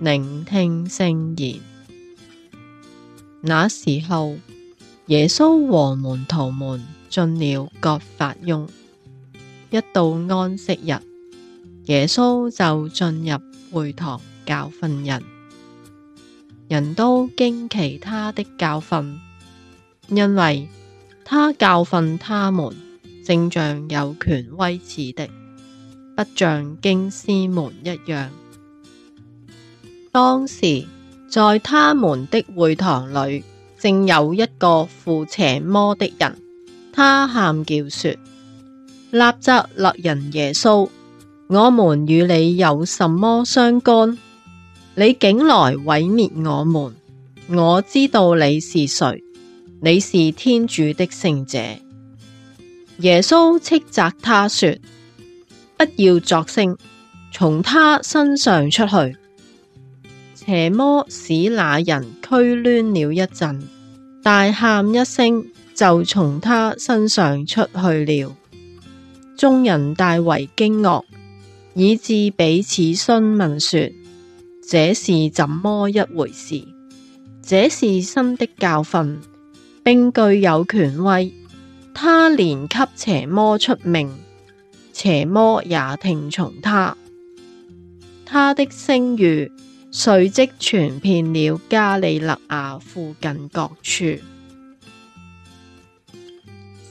聆聽聖言。那時候，耶穌和門徒們進了葛法翁。一到安息日，耶穌就進入會堂教訓人。人都驚奇他的教訓，因為他教訓他們，正像有權威似的，不像經師們一樣。當時在他們的會堂裏，正有一個附邪魔的人，他喊叫說：納匝肋人耶穌！我們與你有什麼相干？你竟來毀滅我們！我知道你是誰，你是天主的聖者。耶穌斥責他說：不要作聲！從他身上出去。邪魔使那人拘攣了一陣，大喊一聲，就從他身上出去了。眾人大為驚愕，以致彼此詢問說：這是怎麼一回事？這是新的教訓，並具有權威。他連給邪魔出命，邪魔也聽從他。他的聲譽。隨即傳遍了加里肋亞附近各處。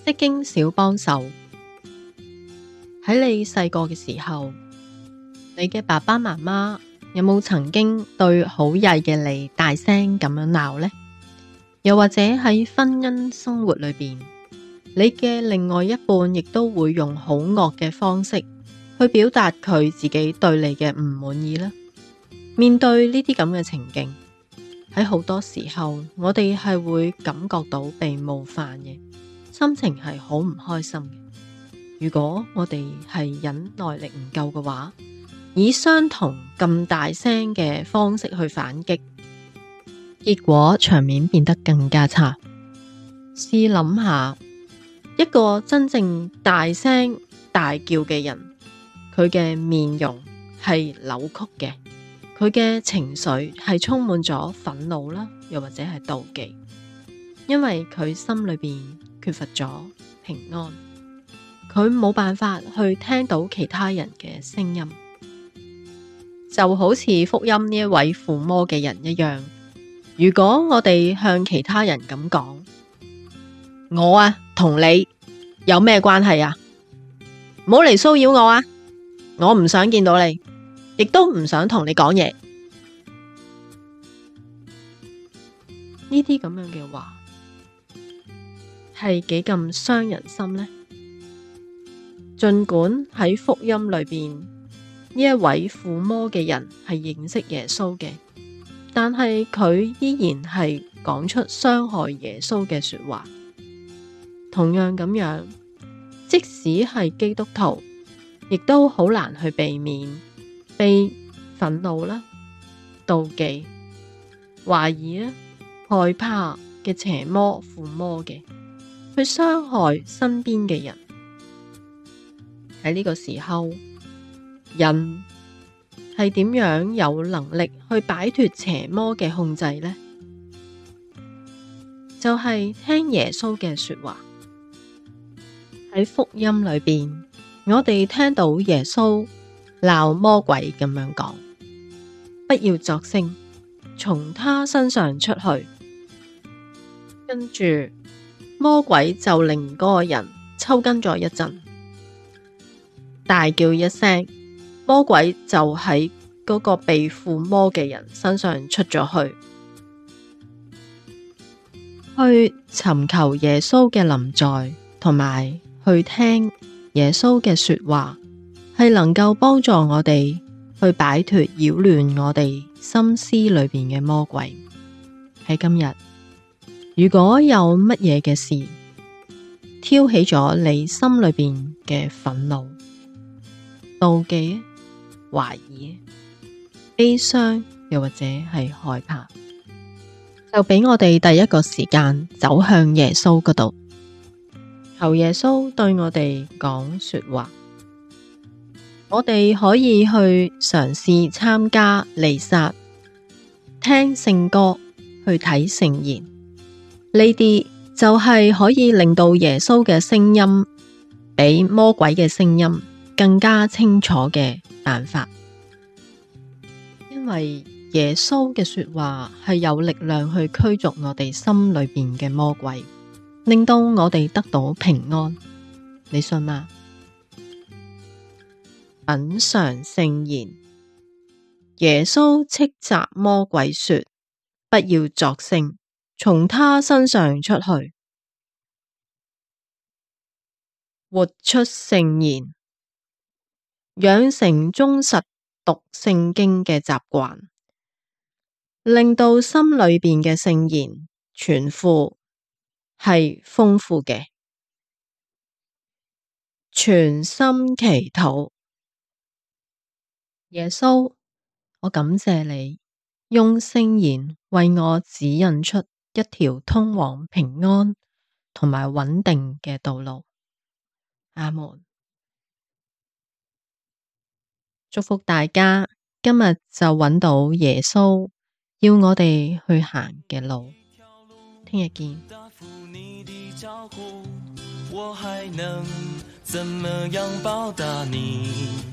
釋經小幫手，喺你細個嘅時候，你嘅爸爸媽媽有冇曾經對好曳嘅你大聲咁樣鬧呢？又或者喺婚姻生活裏邊，你嘅另外一半亦都會用好惡嘅方式去表達佢自己對你嘅唔滿意呢？面對呢啲咁嘅情景，喺好多時候我哋係會感覺到被冒犯嘅，心情係好唔開心嘅。如果我哋係忍耐力唔夠嘅話，以相同咁大聲嘅方式去反擊，結果場面變得更加差。試諗下一個真正大聲大叫嘅人，佢嘅面容係扭曲嘅。佢嘅情緒係充滿咗憤怒啦，又或者係妒忌，因為佢心裏面缺乏咗平安，佢冇辦法去聽到其他人嘅聲音，就好似福音呢一位附魔嘅人一樣。如果我哋向其他人咁講，我啊同你有咩關係啊？唔好嚟騷擾我啊！我唔想見到你。亦都唔想同你講嘢，呢啲咁樣嘅話係幾咁傷人心呢？盡管喺福音裏邊呢一位附魔嘅人係認識耶穌嘅，但係佢依然係講出傷害耶穌嘅說話。同樣咁樣，即使係基督徒，亦都好難去避免。被憤怒啦、妒忌、懷疑啦、害怕嘅邪魔附魔嘅，去傷害身邊嘅人。喺呢個時候，人係點樣有能力去擺脫邪魔嘅控制呢？就係聽耶穌嘅說話。喺福音裏邊，我哋聽到耶穌。鬧魔鬼咁樣講，不要作聲，從他身上出去。跟住魔鬼就令嗰個人抽筋咗一陣，大叫一聲，魔鬼就喺嗰個被附魔嘅人身上出咗去，去尋求耶穌嘅臨在，同埋去聽耶穌嘅說話，係能夠幫助我哋去擺脫擾亂我哋心思裏面嘅魔鬼。喺今日，如果有乜嘢嘅事挑起咗你心裏面嘅憤怒、妒忌、懷疑、悲傷，又或者係害怕，就俾我哋第一個時間走向耶穌嗰度，求耶穌對我哋講說話。我哋可以去嘗試參加彌撒，聽聖歌，去睇聖言，呢啲就係可以令到耶穌嘅聲音比魔鬼嘅聲音更加清楚嘅辦法。因為耶穌嘅說話係有力量去驅逐我哋心裏邊嘅魔鬼，令到我哋得到平安。你信嗎？品嘗聖言，耶穌斥責魔鬼說：不要作聲，從他身上出去。活出聖言，養成忠實讀聖經嘅習慣，令到心裏面嘅聖言全庫係豐富嘅，全心祈禱。耶穌，我感謝你用聖言為我指引出一條通往平安同埋穩定嘅道路。阿門。祝福大家，今日就揾到耶穌要我哋去行嘅路。聽日見。